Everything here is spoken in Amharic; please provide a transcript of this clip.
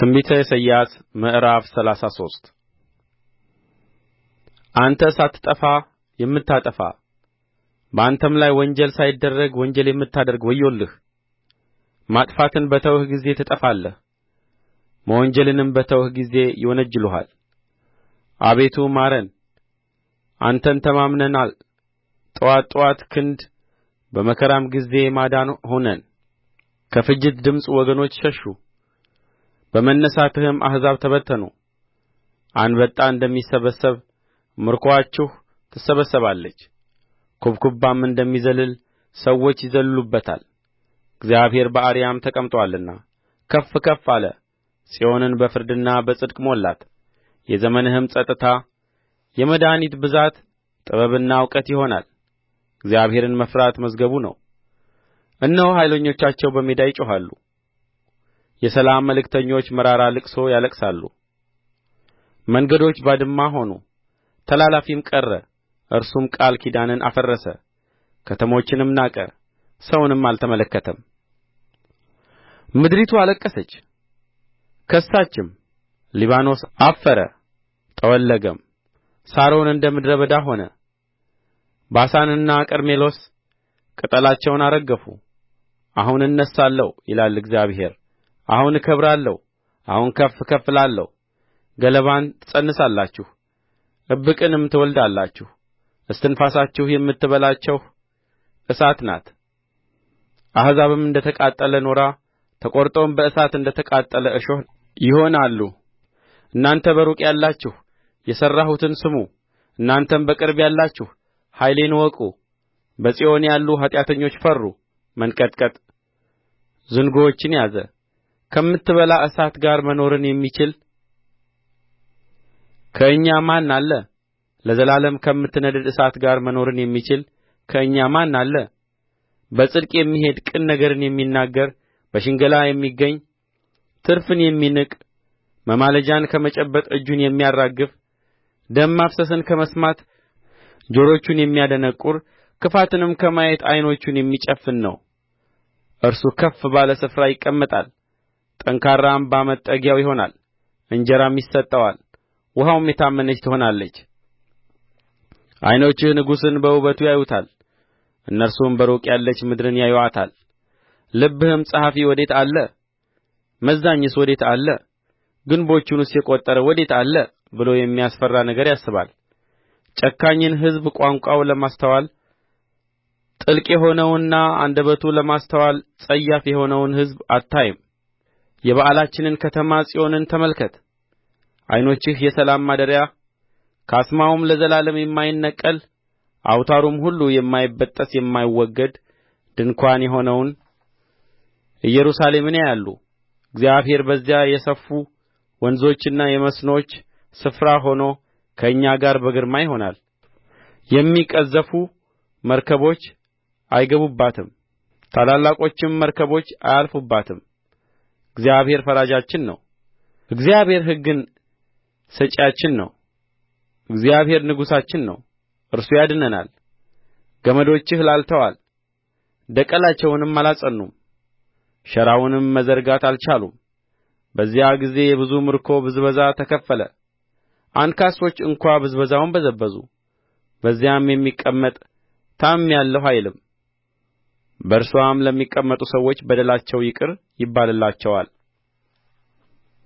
ትንቢተ ኢሳይያስ ምዕራፍ ሰላሳ ሶስት አንተ ሳትጠፋ የምታጠፋ በአንተም ላይ ወንጀል ሳይደረግ ወንጀል የምታደርግ ወዮልህ ማጥፋትን በተውህ ጊዜ ትጠፋለህ መወንጀልንም በተውህ ጊዜ ይወነጅሉሃል አቤቱ ማረን አንተን ተማምነናል ጥዋት ጥዋት ክንድ በመከራም ጊዜ ማዳን ሆነን ከፍጅት ድምፅ ወገኖች ሸሹ በመነሣትህም አሕዛብ ተበተኑ አንበጣ እንደሚሰበሰብ ምርኮአችሁ ትሰበሰባለች ኩብኩባም እንደሚዘልል ሰዎች ይዘልሉበታል እግዚአብሔር በአርያም ተቀምጦአልና ከፍ ከፍ አለ ጽዮንን በፍርድና በጽድቅ ሞላት የዘመንህም ጸጥታ የመድኃኒት ብዛት ጥበብና እውቀት ይሆናል እግዚአብሔርን መፍራት መዝገቡ ነው እነሆ ኃይለኞቻቸው በሜዳ ይጮኻሉ የሰላም መልእክተኞች መራራ ልቅሶ ያለቅሳሉ መንገዶች ባድማ ሆኑ ተላላፊም ቀረ እርሱም ቃል ኪዳንን አፈረሰ ከተሞችንም ናቀ ሰውንም አልተመለከተም ምድሪቱ አለቀሰች ከሳችም ሊባኖስ አፈረ ጠወለገም ሳሮን እንደ ምድረ በዳ ሆነ ባሳንና ቀርሜሎስ ቅጠላቸውን አረገፉ አሁን እነሣለሁ ይላል እግዚአብሔር አሁን እከብራለሁ አሁን ከፍ ከፍ እላለሁ ገለባን ትፀንሳላችሁ እብቅንም ትወልዳላችሁ እስትንፋሳችሁ የምትበላቸው እሳት ናት አሕዛብም እንደ ተቃጠለ ኖራ ተቈርጦም በእሳት እንደ ተቃጠለ እሾህ ይሆናሉ እናንተ በሩቅ ያላችሁ የሠራሁትን ስሙ እናንተም በቅርብ ያላችሁ ኃይሌን እወቁ በጽዮን ያሉ ኃጢአተኞች ፈሩ መንቀጥቀጥ ዝንጉዎችን ያዘ ከምትበላ እሳት ጋር መኖርን የሚችል ከእኛ ማን አለ ለዘላለም ከምትነድድ እሳት ጋር መኖርን የሚችል ከእኛ ማን አለ በጽድቅ የሚሄድ ቅን ነገርን የሚናገር በሽንገላ የሚገኝ ትርፍን የሚንቅ መማለጃን ከመጨበጥ እጁን የሚያራግፍ ደም ማፍሰስን ከመስማት ጆሮቹን የሚያደነቁር ክፋትንም ከማየት ዓይኖቹን የሚጨፍን ነው እርሱ ከፍ ባለ ስፍራ ይቀመጣል ጠንካራ አምባ መጠጊያው ይሆናል እንጀራም ይሰጠዋል ውኃውም የታመነች ትሆናለች ዓይኖችህ ንጉሥን በውበቱ ያዩታል እነርሱም በሩቅ ያለች ምድርን ያዩአታል ልብህም ጸሐፊ ወዴት አለ መዛኝስ ወዴት አለ ግንቦቹንስ የቈጠረ ወዴት አለ ብሎ የሚያስፈራ ነገር ያስባል ጨካኝን ሕዝብ ቋንቋው ለማስተዋል ጥልቅ የሆነውንና አንደበቱ ለማስተዋል ጸያፍ የሆነውን ሕዝብ አታይም የበዓላችንን ከተማ ጽዮንን ተመልከት ዓይኖችህ የሰላም ማደሪያ ካስማውም ለዘላለም የማይነቀል አውታሩም ሁሉ የማይበጠስ የማይወገድ ድንኳን የሆነውን ኢየሩሳሌምን ያያሉ እግዚአብሔር በዚያ የሰፉ ወንዞችና የመስኖች ስፍራ ሆኖ ከእኛ ጋር በግርማ ይሆናል የሚቀዘፉ መርከቦች አይገቡባትም ታላላቆችም መርከቦች አያልፉባትም እግዚአብሔር ፈራጃችን ነው እግዚአብሔር ሕግን ሰጪያችን ነው እግዚአብሔር ንጉሣችን ነው እርሱ ያድነናል ገመዶችህ ላልተዋል ደቀላቸውንም አላጸኑም ሸራውንም መዘርጋት አልቻሉም በዚያ ጊዜ የብዙ ምርኮ ብዝበዛ ተከፈለ አንካሶች እንኳ ብዝበዛውን በዘበዙ በዚያም የሚቀመጥ ታምሜአለሁ አይልም በእርስዋም ለሚቀመጡ ሰዎች በደላቸው ይቅር ይባልላቸዋል